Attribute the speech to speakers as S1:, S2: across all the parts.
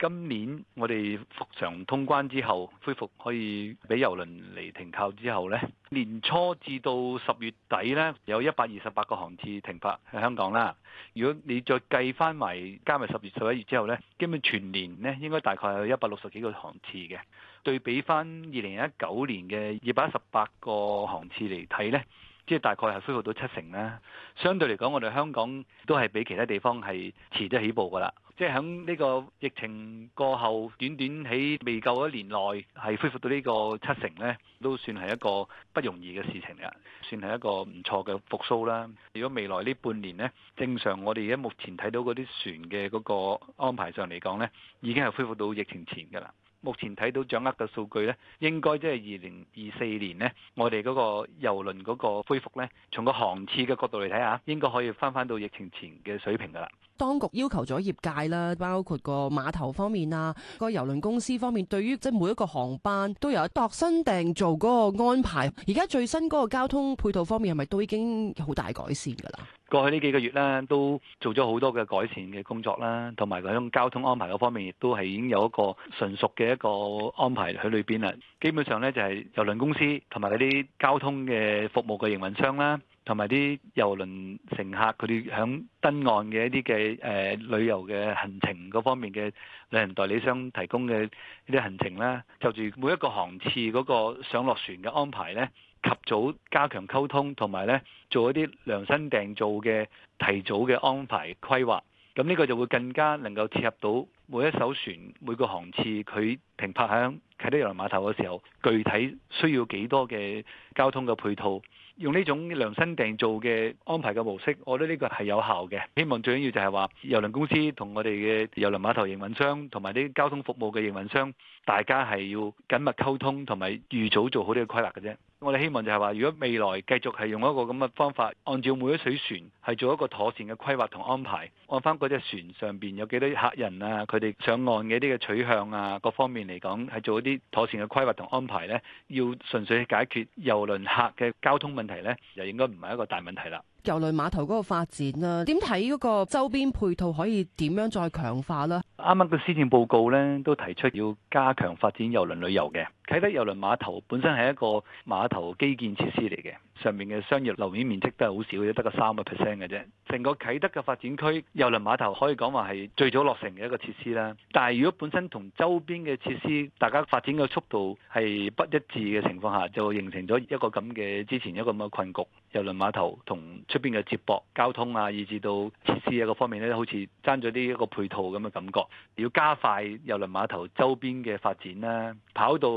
S1: 今年我哋復常通關之後，恢復可以俾郵輪嚟停靠之後呢，年初至到十月底呢，有一百二十八個航次停泊喺香港啦。如果你再計翻埋加埋十月十一月之後呢，基本全年呢應該大概有一百六十幾個航次嘅。對比翻二零一九年嘅二百一十八個航次嚟睇呢，即係大概係恢復到七成啦。相對嚟講，我哋香港都係比其他地方係遲咗起步噶啦。即係響呢個疫情過後，短短喺未夠一年內係恢復到呢個七成呢，都算係一個不容易嘅事情嚟。算係一個唔錯嘅復甦啦。如果未來呢半年呢，正常我哋而家目前睇到嗰啲船嘅嗰個安排上嚟講呢，已經係恢復到疫情前㗎喇。目前睇到掌握嘅數據呢，應該即係二零二四年呢，我哋嗰個郵輪嗰個恢復呢，從個航次嘅角度嚟睇下，應該可以翻返到疫情前嘅水平噶啦。
S2: 當局要求咗業界啦，包括個碼頭方面啊，個郵輪公司方面，對於即係每一個航班都有度身訂造嗰個安排。而家最新嗰個交通配套方面，係咪都已經好大改善噶啦？
S1: 過去呢幾個月咧，都做咗好多嘅改善嘅工作啦，同埋佢喺交通安排嗰方面，亦都係已經有一個純熟嘅一個安排喺裏邊啦。基本上咧，就係郵輪公司同埋嗰啲交通嘅服務嘅營運商啦。同埋啲郵輪乘客，佢哋響登岸嘅一啲嘅誒旅遊嘅行程嗰方面嘅旅行代理商提供嘅一啲行程啦，就住每一個航次嗰個上落船嘅安排呢，及早加強溝通，同埋呢做一啲量身訂造嘅提早嘅安排規劃。咁呢個就會更加能夠切合到每一艘船、每個航次佢停泊喺啟德郵輪碼頭嘅時候，具體需要幾多嘅交通嘅配套。用呢種量身訂做嘅安排嘅模式，我覺得呢個係有效嘅。希望最緊要就係話郵輪公司同我哋嘅郵輪碼頭營運商同埋啲交通服務嘅營運商，大家係要緊密溝通同埋預早做好呢個規劃嘅啫。我哋希望就係話如果未來繼續係用一個咁嘅方法，按照每一水船係做一個妥善嘅規劃同安排，按翻嗰隻船上邊有幾多客人啊，佢哋上岸嘅啲嘅取向啊，各方面嚟講係做一啲妥善嘅規劃同安排咧，要純粹去解決郵輪客嘅交通問題咧，就應該唔係一個大問題啦。
S2: 郵輪碼頭嗰個發展啊，點睇嗰個周邊配套可以點樣再強化呢？
S1: 啱啱個施政報告呢都提出要加強發展郵輪旅遊嘅。啟德郵輪碼頭本身係一個碼頭基建設施嚟嘅，上面嘅商業樓面面積都係好少，得個三個 percent 嘅啫。成個啟德嘅發展區郵輪碼頭可以講話係最早落成嘅一個設施啦。但係如果本身同周邊嘅設施大家發展嘅速度係不一致嘅情況下，就形成咗一個咁嘅之前一個咁嘅困局，郵輪碼頭同。出邊嘅接駁交通啊，以至到設施啊各方面咧，好似爭咗啲一個配套咁嘅感覺，要加快郵輪碼頭周邊嘅發展啦，跑道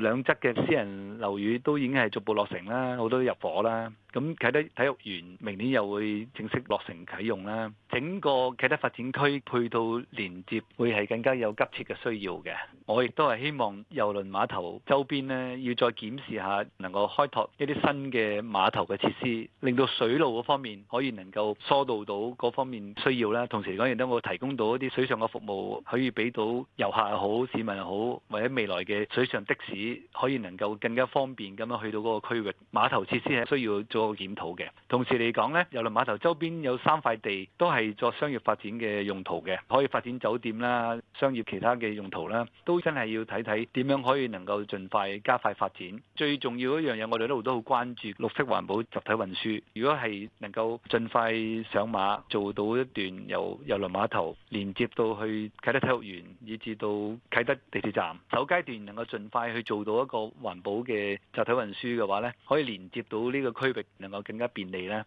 S1: 兩側嘅私人樓宇都已經係逐步落成啦，好多都入伙啦。咁啟德體育園明年又會正式落成啟用啦，整個啟德發展區配套連接會係更加有急切嘅需要嘅。我亦都係希望郵輪碼頭周邊咧，要再檢視下能夠開拓一啲新嘅碼頭嘅設施，令到水路各方面可以能夠疏導到各方面需要啦，同時嚟講亦都冇提供到一啲水上嘅服務可以俾到遊客又好，市民又好，或者未來嘅水上的士可以能夠更加方便咁樣去到嗰個區域。碼頭設施係需要做個檢討嘅，同時嚟講咧，郵輪碼頭周邊有三塊地都係作商業發展嘅用途嘅，可以發展酒店啦、商業其他嘅用途啦，都真係要睇睇點樣可以能夠盡快加快發展。最重要一樣嘢，我哋一路都好關注綠色環保集體運輸，如果係。能夠盡快上馬，做到一段由郵輪碼頭連接到去啟德體育園，以至到啟德地鐵站，首階段能夠盡快去做到一個環保嘅集體運輸嘅話咧，可以連接到呢個區域，能夠更加便利咧。